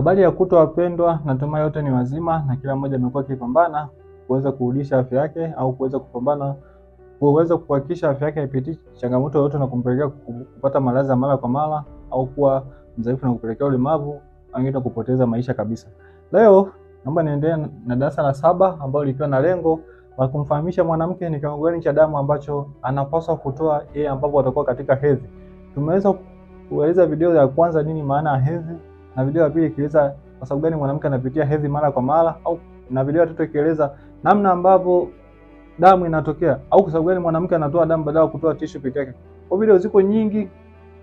Habari ya kutwa, wapendwa, natumai yote ni wazima na kila mmoja amekuwa akipambana kuweza kurudisha afya yake au kuweza kupambana kuweza kuhakikisha afya yake haipitii changamoto yoyote na kumpelekea kupata maradhi mara kwa mara au kuwa mzaifu na kupelekea ulemavu angeweza kupoteza maisha kabisa. Leo naomba niendelee na darasa la saba ambalo lilikuwa na lengo la kumfahamisha mwanamke ni kiwango gani cha damu ambacho anapaswa kutoa yeye ambapo atakuwa katika hedhi. Tumeweza kueleza video ya kwanza nini maana ya hedhi na video ya pili ikieleza kwa sababu gani mwanamke anapitia hedhi mara kwa mara, au na video ya tatu ikieleza namna ambavyo damu inatokea, au kwa sababu gani mwanamke anatoa damu badala ya kutoa tishu peke yake. Kwa video ziko nyingi,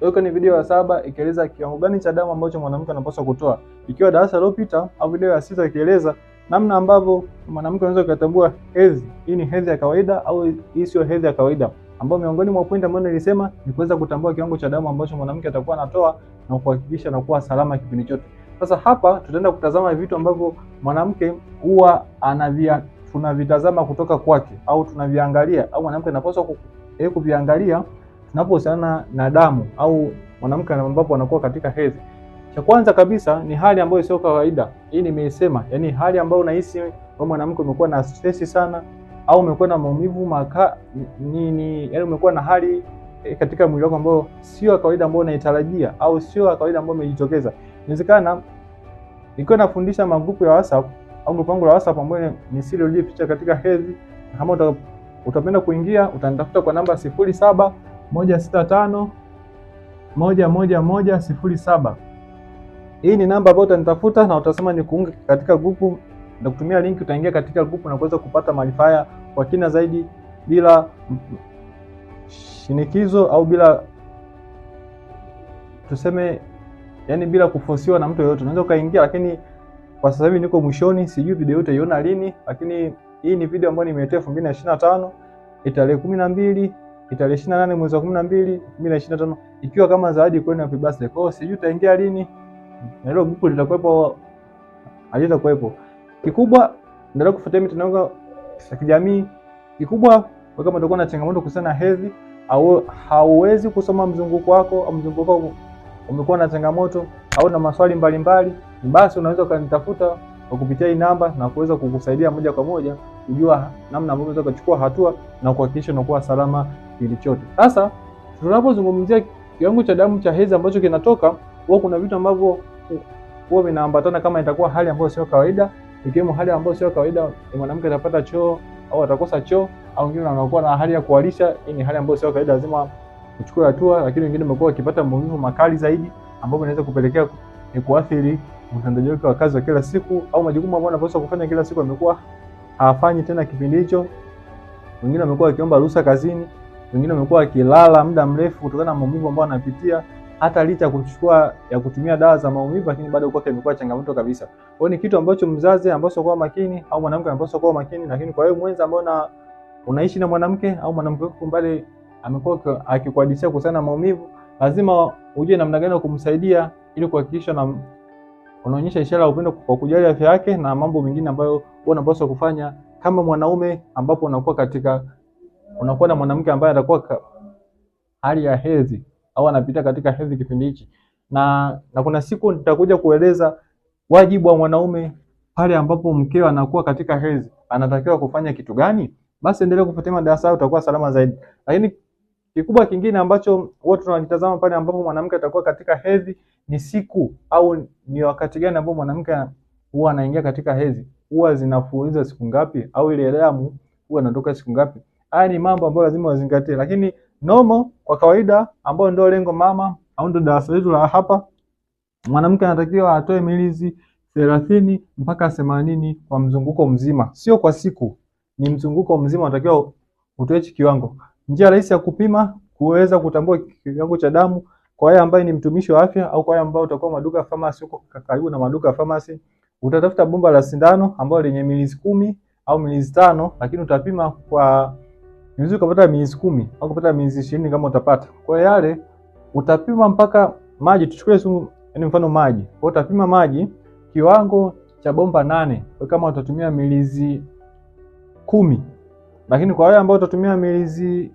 weka ni video ya saba ikieleza kiwango gani cha damu ambacho mwanamke anapaswa kutoa, ikiwa darasa lililopita, au video ya sita ikieleza namna ambavyo mwanamke anaweza kutambua hedhi, hii ni hedhi ya kawaida au hii sio hedhi ya kawaida ambao miongoni mwa pointi ambayo nilisema ni kuweza kutambua kiwango cha damu ambacho mwanamke atakuwa anatoa na kuhakikisha anakuwa salama kipindi chote. Sasa hapa tutaenda kutazama vitu ambavyo mwanamke huwa anavia tunavitazama kutoka kwake au tunaviangalia au mwanamke anapaswa eh, kuviangalia tunapohusiana na damu au mwanamke ambapo anakuwa katika hedhi. Cha kwanza kabisa ni hali ambayo sio kawaida. Hii nimeisema, yani hali ambayo unahisi wewe mwanamke umekuwa na stress sana, au umekuwa na maumivu maka nini, yaani umekuwa na hali e, katika mwili wako ambao sio ya kawaida ambao unaitarajia au sio ya kawaida ambao umejitokeza. Inawezekana nikiwa nafundisha magrupu ya WhatsApp au grupu langu la WhatsApp ambao ni siri Lipicha katika hedhi, kama uta, utapenda kuingia utanitafuta kwa namba sifuri saba moja sita tano moja Hii ni namba ambayo utanitafuta na utasema ni kuunga katika grupu na kutumia link, utaingia katika grupu na kuweza kupata maarifa haya kwa kina zaidi bila shinikizo au bila tuseme, yani bila kufosiwa na mtu yoyote. Unaweza ukaingia, lakini kwa sasa hivi niko mwishoni, sijui video utaiona lini, lakini hii ni video ambayo nimeletea 2025 tarehe 12 tarehe 28 mwezi wa 12 tano ikiwa kama zawadi kwenu happy birthday. Kwa hiyo sijui utaingia lini, na hilo grupu litakuwepo halitakuwepo Kikubwa endelea kufuatilia mitandao ya kijamii. Kikubwa kama utakuwa na changamoto kuhusiana na hedhi au hauwezi kusoma mzunguko wako au mzunguko wako umekuwa na changamoto au na maswali mbalimbali, mbali, basi unaweza ukanitafuta kwa kupitia hii namba na kuweza kukusaidia moja kwa moja kujua namna ambavyo unaweza kuchukua hatua na kuhakikisha unakuwa salama kipindi chote. Sasa tunapozungumzia kiwango cha damu cha hedhi ambacho kinatoka, huwa kuna vitu ambavyo huwa vinaambatana kama itakuwa hali ambayo sio kawaida ikiwemo hali ambayo sio kawaida, mwanamke atapata choo au atakosa choo, au wengine wanakuwa na hali ya kuharisha. Hii ni hali ambayo sio kawaida, lazima uchukue hatua, lakini wengine wamekuwa wakipata maumivu makali zaidi, ambapo inaweza kupelekea ni kuathiri utendaji wake wa kazi wa kila siku, au majukumu ambayo anapaswa kufanya kila siku amekuwa hafanyi tena kipindi hicho. Wengine wamekuwa wakiomba ruhusa kazini, wengine wamekuwa wakilala muda mrefu kutokana na maumivu ambayo anapitia hata licha ya kuchukua ya kutumia dawa za maumivu, lakini bado kwake imekuwa changamoto kabisa. Kwa hiyo ni kitu ambacho mzazi anapaswa kwa makini au mwanamke anapaswa kwa makini, lakini kwa hiyo mwenza ambaye na unaishi na mwanamke au mwanamke wako mbali amekuwa akikuhadithia kuhusiana na maumivu, lazima ujue namna gani ya kumsaidia ili kuhakikisha na unaonyesha ishara ya upendo kwa kujali afya yake na mambo mengine ambayo wewe unapaswa kufanya kama mwanaume, ambapo unakuwa katika unakuwa na mwanamke ambaye atakuwa hali ya hedhi au anapita katika hedhi kipindi hichi, na na kuna siku nitakuja kueleza wajibu wa mwanaume pale ambapo mkeo anakuwa katika hedhi, anatakiwa kufanya kitu gani. Basi endelea kufuatia madarasa, hayo, utakuwa salama zaidi. Lakini kikubwa kingine ambacho wote tunakitazama pale ambapo mwanamke atakuwa katika hedhi ni siku au ni wakati gani ambapo mwanamke huwa anaingia katika hedhi, huwa zinafuuliza siku ngapi, au ile damu huwa inatoka siku ngapi. Haya ni mambo ambayo lazima wazingatie, lakini Nomo kwa kawaida, ambayo ndio lengo mama au ndio darasa letu la hapa, mwanamke anatakiwa atoe milizi thelathini mpaka themanini kwa mzunguko mzima, sio kwa siku, ni mzunguko mzima unatakiwa utoe hichi kiwango. Njia rahisi ya kupima kuweza kutambua kiwango cha damu kwa yeye ambaye ni mtumishi wa afya au kwa yeye ambaye utakuwa maduka pharmacy, uko karibu na maduka pharmacy, utatafuta bomba la sindano ambalo lenye milizi kumi au milizi tano, lakini utapima kwa vizuri ukapata miezi kumi au kupata miezi ishirini kama utapata. Kwa yale utapima mpaka maji, tuchukue tu yani mfano maji. Kwa utapima maji kiwango cha bomba nane kwa kama utatumia milizi kumi, lakini kwa wale ambao utatumia milizi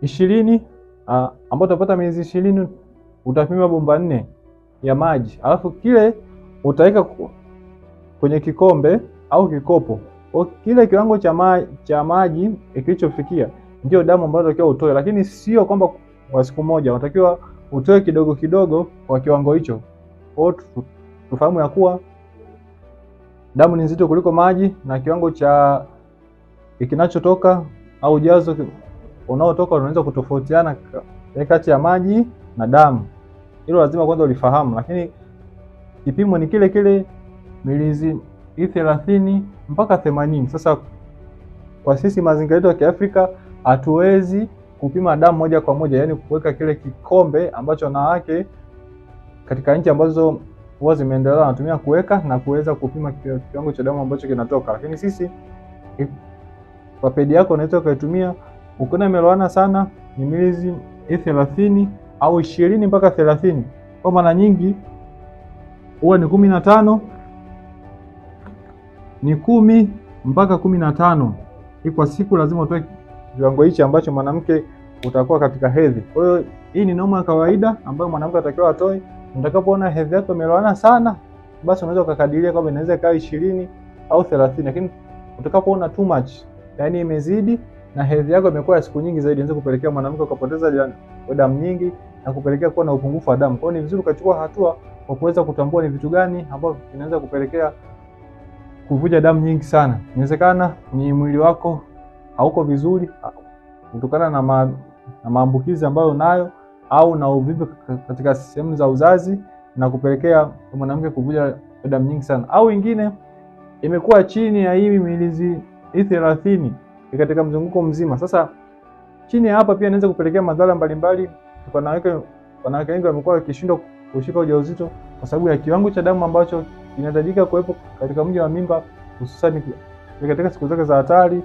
ishirini ah, ambao utapata miezi ishirini utapima bomba nne ya maji, alafu kile utaweka kwenye kikombe au kikopo kile kiwango cha ma, cha maji kilichofikia ndio damu ambayo unatakiwa utoe, lakini sio kwamba kwa siku moja, unatakiwa utoe kidogo kidogo kwa kiwango hicho. Kwa hiyo tufahamu ya kuwa damu ni nzito kuliko maji na kiwango cha kinachotoka au ujazo unaotoka unaweza kutofautiana eh, kati ya maji na damu. Hilo lazima kwanza ulifahamu, lakini kipimo ni kile kile milizi thelathini mpaka 80. Sasa kwa sisi mazingira yetu ya Kiafrika hatuwezi kupima damu moja kwa moja, yani kuweka kile kikombe ambacho wanawake katika nchi ambazo huwa zimeendelea wanatumia kuweka na kuweza kupima kiwango cha damu ambacho kinatoka, lakini sisi kwa pedi yako unaweza ukaitumia ukiona imeloana sana ni milizi thelathini au ishirini mpaka thelathini kwa mara nyingi huwa ni kumi na tano ni kumi mpaka kumi na tano hii kwa siku lazima utoe kiwango hichi ambacho mwanamke utakuwa katika hedhi. Kwa hiyo hii ni normal ya kawaida ambayo mwanamke atakiwa atoe. Utakapoona hedhi yako imelowana sana, basi unaweza ukakadiria kwamba inaweza ikawa ishirini au thelathini, lakini utakapoona too much, yani imezidi na hedhi yako imekuwa ya siku nyingi zaidi, inaweza kupelekea mwanamke ukapoteza damu nyingi na kupelekea kuwa na upungufu wa damu. Kwa hiyo ni vizuri ukachukua hatua kwa kuweza kutambua ni vitu gani ambavyo vinaweza kupelekea kuvuja damu nyingi sana. Inawezekana ni mwili wako hauko vizuri kutokana na, ma, na maambukizi ambayo unayo au na uvimbe katika sehemu za uzazi na kupelekea mwanamke kuvuja damu nyingi sana, au ingine imekuwa chini ya hii milizi hii thelathini katika mzunguko mzima. Sasa chini ya hapa pia inaweza kupelekea madhara mbalimbali. Wanawake wengi wamekuwa wakishindwa kushika ujauzito kwa sababu ya kiwango cha damu ambacho inahitajika kuwepo katika mji wa mimba, hususani katika siku zake za hatari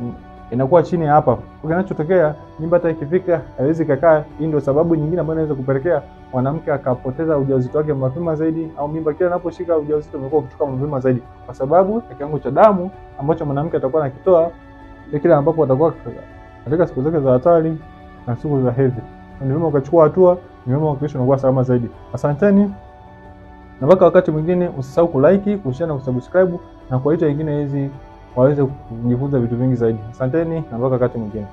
mm, inakuwa chini ya hapa. Kinachotokea mimba hata ikifika haiwezi kakaa. Hii ndio sababu nyingine ambayo inaweza kupelekea mwanamke akapoteza ujauzito wake mapema zaidi, au mimba kila anaposhika ujauzito umekuwa ukitoka mapema zaidi, kwa sababu ya kiwango cha damu ambacho mwanamke atakuwa anakitoa kile ambapo atakuwa katika siku zake za hatari na siku za hedhi. Ni vyema ukachukua hatua, ni vyema kuhakikisha unakuwa salama zaidi. Asanteni na mpaka wakati mwingine, usisahau kulike, kushare na kusubscribe, na kwa hiyo wengine hizi waweze kujifunza vitu vingi zaidi. Asanteni na mpaka wakati mwingine.